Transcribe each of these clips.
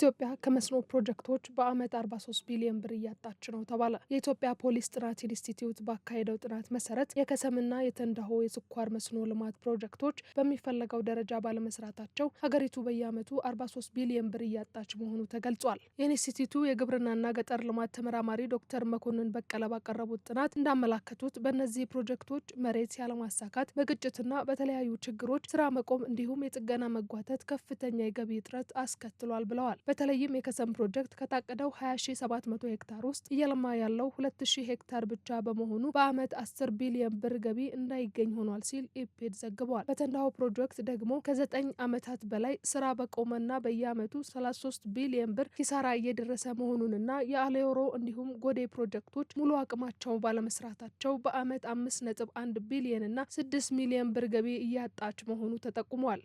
ኢትዮጵያ ከመስኖ ፕሮጀክቶች በዓመት 43 ቢሊዮን ብር እያጣች ነው ተባለ። የኢትዮጵያ ፖሊስ ጥናት ኢንስቲትዩት ባካሄደው ጥናት መሰረት የከሰምና የተንዳሆ የስኳር መስኖ ልማት ፕሮጀክቶች በሚፈለገው ደረጃ ባለመስራታቸው ሀገሪቱ በየዓመቱ 43 ቢሊዮን ብር እያጣች መሆኑ ተገልጿል። የኢንስቲትዩቱ የግብርናና ገጠር ልማት ተመራማሪ ዶክተር መኮንን በቀለ ባቀረቡት ጥናት እንዳመላከቱት በእነዚህ ፕሮጀክቶች መሬት ያለማሳካት፣ በግጭትና በተለያዩ ችግሮች ስራ መቆም እንዲሁም የጥገና መጓተት ከፍተኛ የገቢ እጥረት አስከትሏል ብለዋል። በተለይም የከሰም ፕሮጀክት ከታቀደው 20700 ሄክታር ውስጥ እየለማ ያለው 2000 ሄክታር ብቻ በመሆኑ በዓመት 10 ቢሊዮን ብር ገቢ እንዳይገኝ ሆኗል ሲል ኢፔድ ዘግቧል። በተንዳሆ ፕሮጀክት ደግሞ ከዘጠኝ ዓመታት በላይ ስራ በቆመና በየዓመቱ 33 ቢሊዮን ብር ኪሳራ እየደረሰ መሆኑንና የአሌሮ እንዲሁም ጎዴ ፕሮጀክቶች ሙሉ አቅማቸው ባለመስራታቸው በዓመት 5.1 ቢሊዮን እና 6 ሚሊዮን ብር ገቢ እያጣች መሆኑ ተጠቁሟል።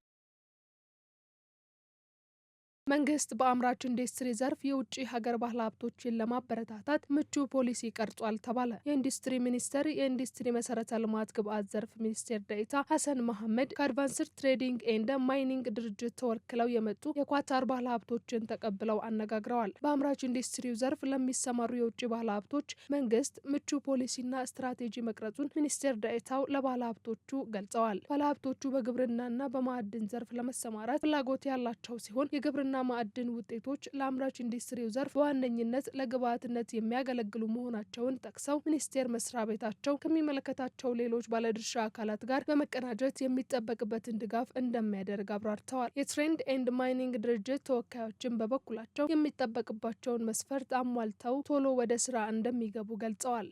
መንግስት በአምራች ኢንዱስትሪ ዘርፍ የውጭ ሀገር ባለ ሀብቶችን ለማበረታታት ምቹ ፖሊሲ ቀርጿል ተባለ። የኢንዱስትሪ ሚኒስቴር የኢንዱስትሪ መሰረተ ልማት ግብአት ዘርፍ ሚኒስቴር ዴኤታ ሀሰን መሐመድ ከአድቫንስድ ትሬዲንግ ኤንድ ማይኒንግ ድርጅት ተወክለው የመጡ የኳታር ባለ ሀብቶችን ተቀብለው አነጋግረዋል። በአምራች ኢንዱስትሪው ዘርፍ ለሚሰማሩ የውጭ ባለ ሀብቶች መንግስት ምቹ ፖሊሲና ስትራቴጂ መቅረጹን ሚኒስቴር ዴኤታው ለባለ ሀብቶቹ ገልጸዋል። ባለ ሀብቶቹ በግብርናና በማዕድን ዘርፍ ለመሰማራት ፍላጎት ያላቸው ሲሆን የግብርና የግብርና ማዕድን ውጤቶች ለአምራች ኢንዱስትሪው ዘርፍ በዋነኝነት ለግብዓትነት የሚያገለግሉ መሆናቸውን ጠቅሰው ሚኒስቴር መስሪያ ቤታቸው ከሚመለከታቸው ሌሎች ባለድርሻ አካላት ጋር በመቀናጀት የሚጠበቅበትን ድጋፍ እንደሚያደርግ አብራርተዋል። የትሬንድ ኤንድ ማይኒንግ ድርጅት ተወካዮችን በበኩላቸው የሚጠበቅባቸውን መስፈርት አሟልተው ቶሎ ወደ ስራ እንደሚገቡ ገልጸዋል።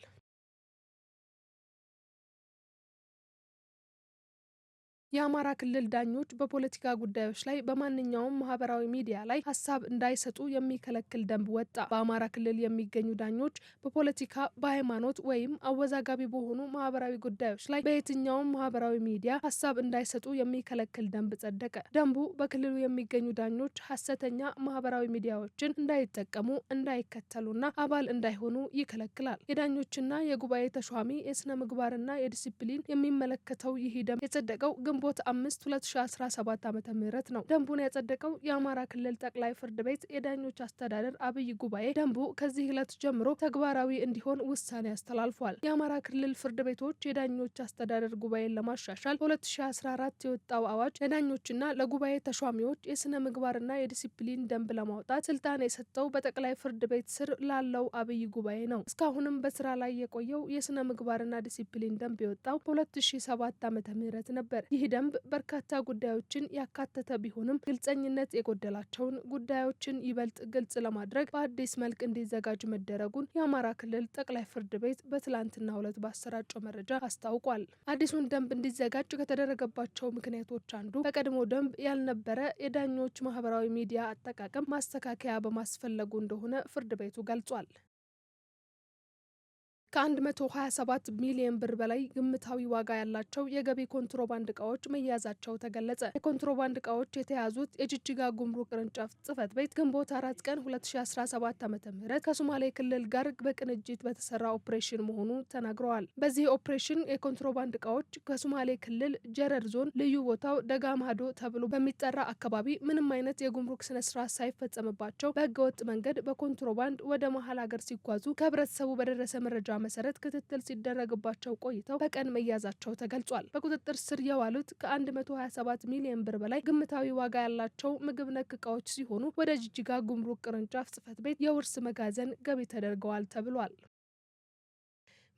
የአማራ ክልል ዳኞች በፖለቲካ ጉዳዮች ላይ በማንኛውም ማህበራዊ ሚዲያ ላይ ሀሳብ እንዳይሰጡ የሚከለክል ደንብ ወጣ። በአማራ ክልል የሚገኙ ዳኞች በፖለቲካ፣ በሃይማኖት ወይም አወዛጋቢ በሆኑ ማህበራዊ ጉዳዮች ላይ በየትኛውም ማህበራዊ ሚዲያ ሀሳብ እንዳይሰጡ የሚከለክል ደንብ ጸደቀ። ደንቡ በክልሉ የሚገኙ ዳኞች ሀሰተኛ ማህበራዊ ሚዲያዎችን እንዳይጠቀሙ፣ እንዳይከተሉና አባል እንዳይሆኑ ይከለክላል። የዳኞችና የጉባኤ ተሿሚ የስነ ምግባርና የዲሲፕሊን የሚመለከተው ይህ ደንብ የጸደቀው ግንቦ ግንቦት አምስት ሁለት ሺ አስራ ሰባት ምህረት ነው። ደንቡን ያጸደቀው የአማራ ክልል ጠቅላይ ፍርድ ቤት የዳኞች አስተዳደር አብይ ጉባኤ ደንቡ ከዚህ ዕለት ጀምሮ ተግባራዊ እንዲሆን ውሳኔ አስተላልፏል። የአማራ ክልል ፍርድ ቤቶች የዳኞች አስተዳደር ጉባኤን ለማሻሻል በ2014 የወጣው አዋጅ ለዳኞችና ለጉባኤ ተሿሚዎች የሥነ ምግባርና የዲሲፕሊን ደንብ ለማውጣት ስልጣን የሰጠው በጠቅላይ ፍርድ ቤት ስር ላለው አብይ ጉባኤ ነው። እስካሁንም በስራ ላይ የቆየው የሥነ ምግባርና ዲሲፕሊን ደንብ የወጣው በ2007 ዓ ም ነበር። ይህ ደንብ በርካታ ጉዳዮችን ያካተተ ቢሆንም ግልጸኝነት የጎደላቸውን ጉዳዮችን ይበልጥ ግልጽ ለማድረግ በአዲስ መልክ እንዲዘጋጅ መደረጉን የአማራ ክልል ጠቅላይ ፍርድ ቤት በትላንትናው ዕለት ባሰራጨው መረጃ አስታውቋል። አዲሱን ደንብ እንዲዘጋጅ ከተደረገባቸው ምክንያቶች አንዱ በቀድሞ ደንብ ያልነበረ የዳኞች ማህበራዊ ሚዲያ አጠቃቀም ማስተካከያ በማስፈለጉ እንደሆነ ፍርድ ቤቱ ገልጿል። ከ127 ሚሊዮን ብር በላይ ግምታዊ ዋጋ ያላቸው የገቢ ኮንትሮባንድ እቃዎች መያዛቸው ተገለጸ። የኮንትሮባንድ እቃዎች የተያዙት የጅጅጋ ጉምሩክ ቅርንጫፍ ጽህፈት ቤት ግንቦት አራት ቀን 2017 ዓ ም ከሶማሌ ክልል ጋር በቅንጅት በተሰራ ኦፕሬሽን መሆኑ ተናግረዋል። በዚህ ኦፕሬሽን የኮንትሮባንድ እቃዎች ከሶማሌ ክልል ጀረር ዞን ልዩ ቦታው ደጋማዶ ተብሎ በሚጠራ አካባቢ ምንም አይነት የጉምሩክ ስነስርዓት ሳይፈጸምባቸው በህገወጥ መንገድ በኮንትሮባንድ ወደ መሀል ሀገር ሲጓዙ ከህብረተሰቡ በደረሰ መረጃ መሰረት ክትትል ሲደረግባቸው ቆይተው በቀን መያዛቸው ተገልጿል። በቁጥጥር ስር የዋሉት ከ127 ሚሊዮን ብር በላይ ግምታዊ ዋጋ ያላቸው ምግብ ነክ እቃዎች ሲሆኑ ወደ ጅጅጋ ጉምሩክ ቅርንጫፍ ጽፈት ቤት የውርስ መጋዘን ገቢ ተደርገዋል ተብሏል።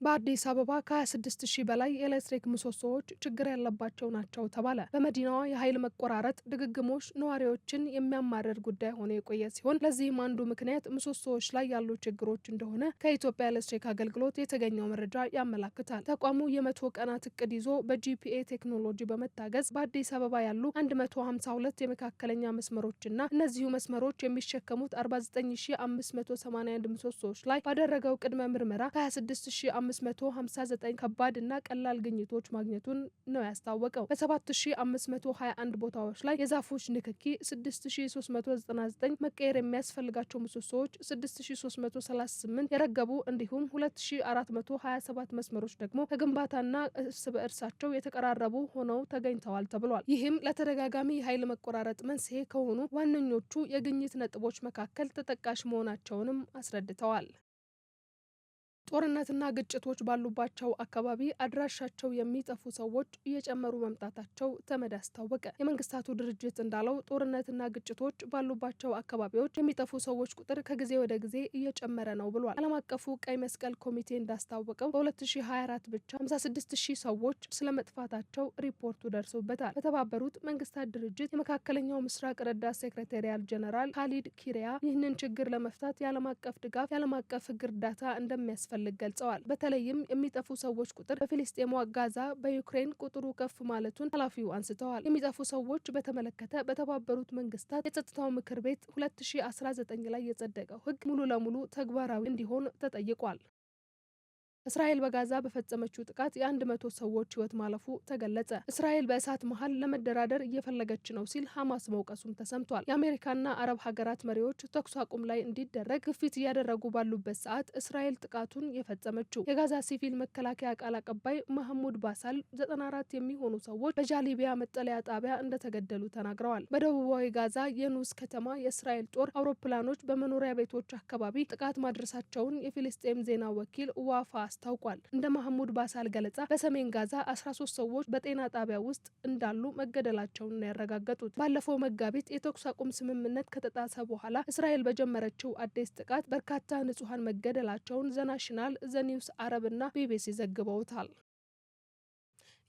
በአዲስ አበባ ከ26 ሺህ በላይ የኤሌክትሪክ ምሰሶዎች ችግር ያለባቸው ናቸው ተባለ። በመዲናዋ የኃይል መቆራረጥ ድግግሞች ነዋሪዎችን የሚያማርር ጉዳይ ሆኖ የቆየ ሲሆን ለዚህም አንዱ ምክንያት ምሰሶዎች ላይ ያሉ ችግሮች እንደሆነ ከኢትዮጵያ ኤሌክትሪክ አገልግሎት የተገኘው መረጃ ያመላክታል። ተቋሙ የመቶ ቀናት እቅድ ይዞ በጂፒኤ ቴክኖሎጂ በመታገዝ በአዲስ አበባ ያሉ 152 የመካከለኛ መስመሮችና እነዚሁ መስመሮች የሚሸከሙት 49581 ምሰሶዎች ላይ ባደረገው ቅድመ ምርመራ ከ26 1559 ከባድ እና ቀላል ግኝቶች ማግኘቱን ነው ያስታወቀው። በ7521 ቦታዎች ላይ የዛፎች ንክኪ 6399፣ መቀየር የሚያስፈልጋቸው ምሰሶዎች 6338 የረገቡ እንዲሁም 2427 መስመሮች ደግሞ ከግንባታና እርስ በእርሳቸው የተቀራረቡ ሆነው ተገኝተዋል ተብሏል። ይህም ለተደጋጋሚ የኃይል መቆራረጥ መንስኤ ከሆኑ ዋነኞቹ የግኝት ነጥቦች መካከል ተጠቃሽ መሆናቸውንም አስረድተዋል። ጦርነትና ግጭቶች ባሉባቸው አካባቢ አድራሻቸው የሚጠፉ ሰዎች እየጨመሩ መምጣታቸው ተመድ አስታወቀ። የመንግስታቱ ድርጅት እንዳለው ጦርነትና ግጭቶች ባሉባቸው አካባቢዎች የሚጠፉ ሰዎች ቁጥር ከጊዜ ወደ ጊዜ እየጨመረ ነው ብሏል። ዓለም አቀፉ ቀይ መስቀል ኮሚቴ እንዳስታወቀው በ2024 ብቻ 56 ሺህ ሰዎች ስለመጥፋታቸው ሪፖርቱ ደርሶበታል። በተባበሩት መንግስታት ድርጅት የመካከለኛው ምስራቅ ረዳት ሴክሬታሪያል ጀነራል ካሊድ ኪሪያ ይህንን ችግር ለመፍታት የዓለም አቀፍ ድጋፍ፣ የዓለም አቀፍ ህግ እርዳታ እንደሚያስፈ እንደሚፈልግ ገልጸዋል። በተለይም የሚጠፉ ሰዎች ቁጥር በፊልስጤሟ ጋዛ፣ በዩክሬን ቁጥሩ ከፍ ማለቱን ኃላፊው አንስተዋል። የሚጠፉ ሰዎች በተመለከተ በተባበሩት መንግስታት የጸጥታው ምክር ቤት 2019 ላይ የጸደቀው ህግ ሙሉ ለሙሉ ተግባራዊ እንዲሆን ተጠይቋል። እስራኤል በጋዛ በፈጸመችው ጥቃት የአንድ መቶ ሰዎች ሕይወት ማለፉ ተገለጸ። እስራኤል በእሳት መሀል ለመደራደር እየፈለገች ነው ሲል ሐማስ መውቀሱም ተሰምቷል። የአሜሪካና አረብ ሀገራት መሪዎች ተኩስ አቁም ላይ እንዲደረግ ግፊት እያደረጉ ባሉበት ሰዓት እስራኤል ጥቃቱን የፈጸመችው የጋዛ ሲቪል መከላከያ ቃል አቀባይ መሐሙድ ባሳል 94 የሚሆኑ ሰዎች በጃሊቢያ መጠለያ ጣቢያ እንደተገደሉ ተናግረዋል። በደቡባዊ ጋዛ የኑስ ከተማ የእስራኤል ጦር አውሮፕላኖች በመኖሪያ ቤቶች አካባቢ ጥቃት ማድረሳቸውን የፊልስጤም ዜና ወኪል ዋፋ አስታውቋል። እንደ ማህሙድ ባሳል ገለጻ በሰሜን ጋዛ 13 ሰዎች በጤና ጣቢያ ውስጥ እንዳሉ መገደላቸውን ነው ያረጋገጡት። ባለፈው መጋቢት የተኩስ አቁም ስምምነት ከተጣሰ በኋላ እስራኤል በጀመረችው አዲስ ጥቃት በርካታ ንጹሐን መገደላቸውን ዘናሽናል፣ ዘኒውስ አረብ እና ቢቢሲ ዘግበውታል።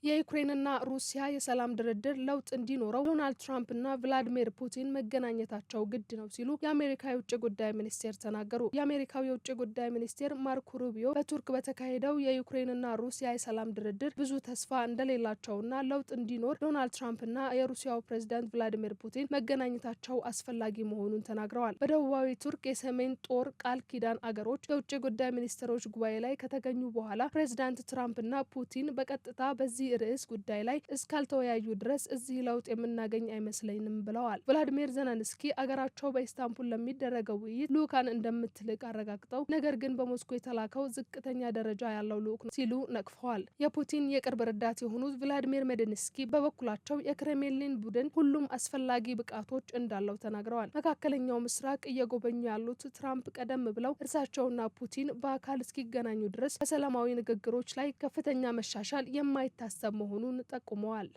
የዩክሬንና ሩሲያ የሰላም ድርድር ለውጥ እንዲኖረው ዶናልድ ትራምፕና ቭላዲሚር ፑቲን መገናኘታቸው ግድ ነው ሲሉ የአሜሪካ የውጭ ጉዳይ ሚኒስቴር ተናገሩ። የአሜሪካው የውጭ ጉዳይ ሚኒስቴር ማርኮ ሩቢዮ በቱርክ በተካሄደው የዩክሬንና ሩሲያ የሰላም ድርድር ብዙ ተስፋ እንደሌላቸውና ለውጥ እንዲኖር ዶናልድ ትራምፕና የሩሲያው ፕሬዚዳንት ቭላዲሚር ፑቲን መገናኘታቸው አስፈላጊ መሆኑን ተናግረዋል። በደቡባዊ ቱርክ የሰሜን ጦር ቃል ኪዳን አገሮች የውጭ ጉዳይ ሚኒስትሮች ጉባኤ ላይ ከተገኙ በኋላ ፕሬዚዳንት ትራምፕና ፑቲን በቀጥታ በዚህ በዚህ ርዕስ ጉዳይ ላይ እስካልተወያዩ ድረስ እዚህ ለውጥ የምናገኝ አይመስለኝም ብለዋል። ቮላዲሚር ዘለንስኪ አገራቸው በኢስታንቡል ለሚደረገው ውይይት ልኡካን እንደምትልቅ አረጋግጠው ነገር ግን በሞስኮ የተላከው ዝቅተኛ ደረጃ ያለው ልኡክ ነው ሲሉ ነቅፈዋል። የፑቲን የቅርብ ረዳት የሆኑት ቭላዲሚር ሜድንስኪ በበኩላቸው የክሬምሊን ቡድን ሁሉም አስፈላጊ ብቃቶች እንዳለው ተናግረዋል። መካከለኛው ምስራቅ እየጎበኙ ያሉት ትራምፕ ቀደም ብለው እርሳቸውና ፑቲን በአካል እስኪገናኙ ድረስ በሰላማዊ ንግግሮች ላይ ከፍተኛ መሻሻል የማይታሰ የሚታሰብ መሆኑን ጠቁመዋል